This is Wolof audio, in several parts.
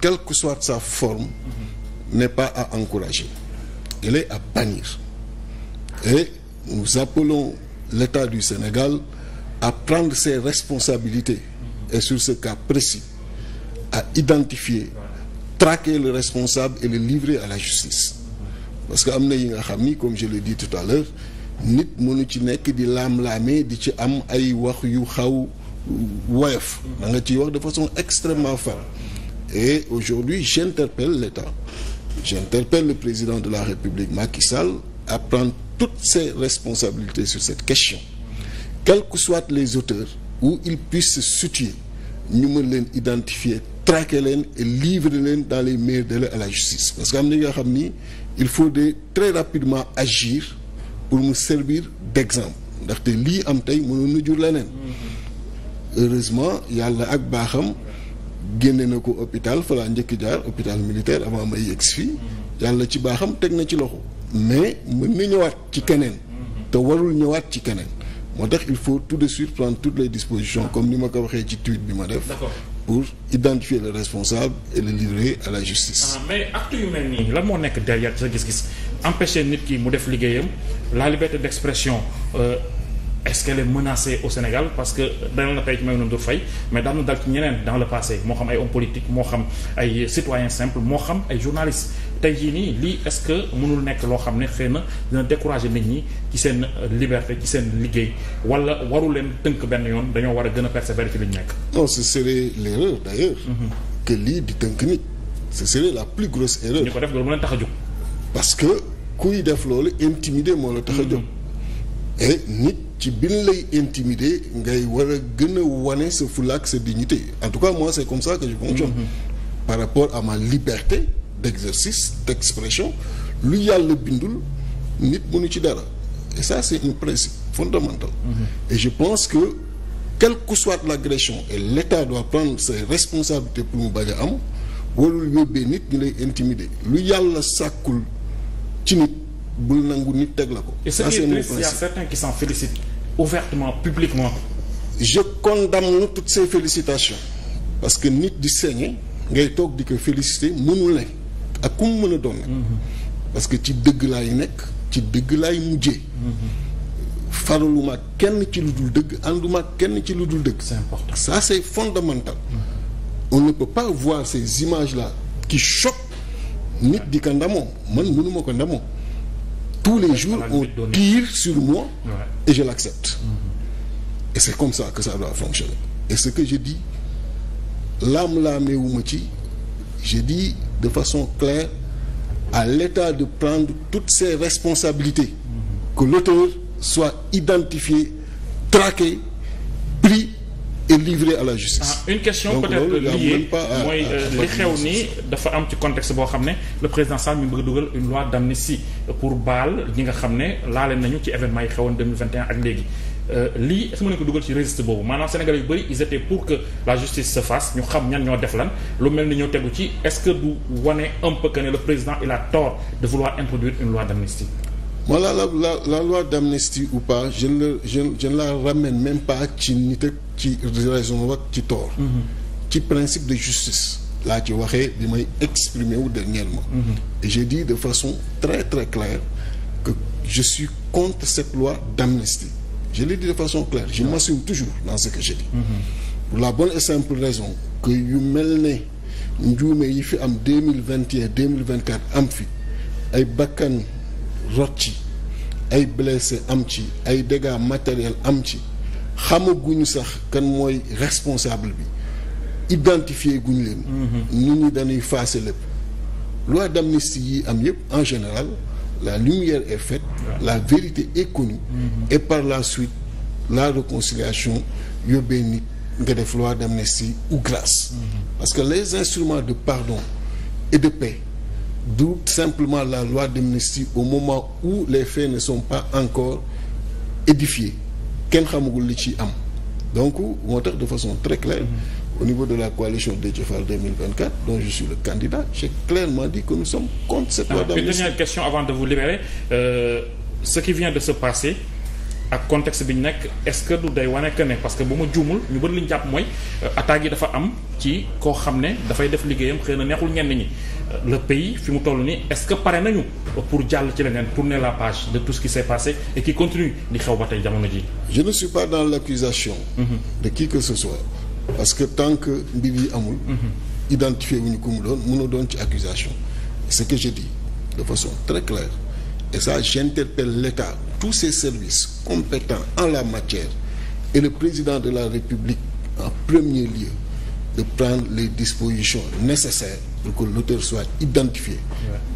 quelle que soit sa forme, n'est pas à encourager. Elle est à bannir. Et nous appelons l'État du Sénégal à prendre ses responsabilités et sur ce cas précis, à identifier, traquer le responsable et le livrer à la justice. parce que am na yi nga xam ni comme je l'ai dit tout à l'heure nit mënu ci nekk di laam-laamee di ci am ay wax yu xaw woyof da nga ciy wax de façon extrêmement ferme Et aujourd'hui, j'interpelle l'État. J'interpelle le président de la République, Macky Sall, à prendre toutes ses responsabilités sur cette question. Quels que soient les auteurs, ou ils puissent se situer, ñu mën leen identifier traquer leen et livrer leen dans les meilleurs délais à la justice parce que am na xam ni il faut de très rapidement agir pour mu servir d'exemple ndaxte lii am tey mënoon na jur leneen heureusement yàlla ak baaxam génne na ko hôpital fa laa njëkk jaar hôpital militaire avant may yegsi fii yàlla ci baaxam teg na ci loxo mais mën na ñëwaat ci keneen te warul ñëwaat ci keneen moo tax il faut tout de suite prendre toutes les dispositions comme ni ma ko waxee ci tweet bi ma def pour identifier le responsable et le livrer à la justice ah, mais acte yu mel nii lan moo nekk derrière sa gis-gis empêcher nit kii mu def liggéeyam la liberté d'expression euh, est-ce qu'elle au Sénégal parce que dana na tey ci Maïmouna Ndour Faye mais daan na dal ñeneen dans le passé moo xam ay hommes politiques moo xam ay citoyens moo xam ay journalistes tey jii nii lii est-ce que mënul nekk loo xam ne xëy na dina décourager nit ñi ci seen liberté ci seen liggéey wala waru leen tënk benn yoon dañoo war a gën a persévérer ci li nekk. non mhm. que lii di tënk nit. ce la plus grosse ñu ko def loolu mu leen tax a jóg. parce que kuy def loolu intimider moo la tax a mhm. jóg. et nit. ci bin lay intimider ngay war a gën a wane sa fulaak sa dignité en tout cas moi c'est comme ça que je mm-hmm. par rapport à ma liberté d'exercice d'expression lu yàlla bindul nit mënu ci dara et ça c'est un mm-hmm. pense que quelle que soit l'agression et l'État doit prendre ses responsabilités pour mu bañ a am warul yóbbee nit ñu lay intimider lu yàlla sàkkul ci nit bul nangu nit teg la ko. ça c'est mon principe ouvertement publiquement je condamne toutes ces parce que nit di saigner ngay toog di ko féliciter mënul ne ak ku mu mën a doon nag mhm. parce que ci dëgg laay nekk ci dëgg lay mujjee mhm. faraluma kenn ci lu dul dëgg ànduma kenn ci lu dul dëgg c'est important ça c'est fondamental mhm. on ne peut voir ces images là qui choquent nit di ko ndamoo man mënuma ko ndamoo tous les jours on tire sur moi et je l'accepte mhm. et c'est comme ça que ça doit fonctionner et ce que je dis laam-laamewuma ci je dis de façon claire à l'État de prendre toutes ses responsabilités mhm. que l'auteur soit identifié traqué livré à la justice. Ah, une question peut-être liée mooy euh, li xew nii dafa am ci contexte boo xam ne le président Sall mi bëgg dugal une loi d'amnistie pour baal ñi nga xam ne laale nañu ci événement yi xewoon 2021 ak léegi. Euh, lii su ma ne ko dugal ci registre boobu maanaam Sénégalais yu bëri ils étaient pour que la justice se fasse ñu xam ñan ñoo def lan lu mel ni ñoo tegu ci est-ce que du wane un peu que ne le président il a tort de vouloir introduire une loi d'amnistie. voilà la la la loi d'amnistie ou pas je ne je je ne la ramène même pas ci nit ak ci raison ak ci tort. Mhm. ci principe de justice. laa ci waxee bi may exprimer wu dernièrement. Mhm. et j'ai de façon très très claire que je suis contre cette loi d'amnistie. je l'ai dit de façon claire je m'assume toujours dans ce que je dis. Mhm. pour la bonne et raison que yu mel ne njuume yi fi am deux mille vingt et deux mille vingt quatre am fi ay bakkan. rot ci ay blessé am ci ay dégâts matériels am ci xamaguñu sax kan mooy responsable bi identifier guñu leen ñu mhm. ñu dañuy faase lépp loi d'amnistie yi am yëpp en général la lumière est la vérité est mhm. et par la suite la réconciliation yóbbee nit nga def loi d'amnistie ou grâce mhm. parce que les instruments de pardon et de paix d'où simplement la loi d'amnistie au moment où les faits ne sont pas encore édifiés kenn xamagul li ci am donc moo tax de façon très claire au niveau de la coalition Déthié Fall 2024 dont je suis le candidat j'ai clairement dit que nous sommes cette loi d'amnistie. avant de vous libérer euh, ce qui vient de se passer ak contexte bi ñu nekk est-ce que du day wane que ne parce que bu ma juumul ñu bëri li ñu jàpp mooy euh, attaques yi dafa am ci koo xam ne dafay def liggéeyam xëy na neexul ñenn ñi euh, le pays fi mu toll nii est-ce que pare nañu pour jàll ci leneen pour tourner la page de tout ce qui s'est passé et qui continue di xew ba tey jamono ji je ne suis pas dans l'accusation mm-hmm. de qui que ce soit parce que tant que mbir yi amul mm-hmm. identifié wuñu ko mu doon mënoo doon ci accusation ce que je dis de façon très Et ça, j'interpelle l'État, tous ses services compétents en la matière, et le président de la République en premier lieu, de prendre les dispositions nécessaires pour que l'auteur soit identifié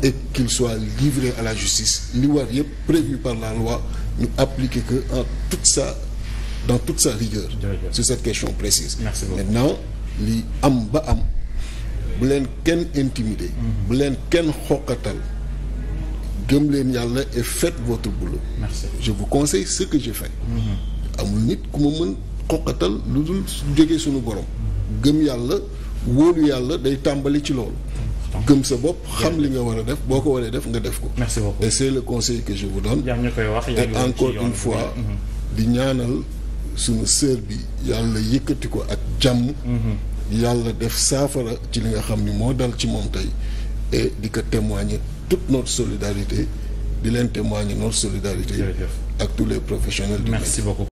ouais. et qu'il soit livré à la justice. L'ivoire prévu par la loi, nous appliquer que en toute sa, dans toute sa rigueur sur cette question précise. Merci Maintenant, li am ba am, bu leen kenn mhm. bu leen kenn xokkatal. gëm leen yàlla et fet votre boulot. merci je vous conseille ce que j'ai fait. Mm-hmm. amul nit ku ma mën xoqatal lu dul jógee suñu borom. gëm yàlla wóolu yàlla day tàmbali ci loolu. gëm sa bopp xam li nga war a def boo ko waree def nga def ko. merci beaucoup et c'est le conseil que je vous donne. koy wax et encore une fois. Mm-hmm. di ñaanal suñu sœur bi yàlla yëkkati ko ak jàmm. Mm-hmm. yàlla def saafara ci li nga xam ni moo dal ci moom tey et di ko témoigner. toute not solidarité di leen témoigner notre solidarité. ak tous les professionnels du métier. Merci beaucoup.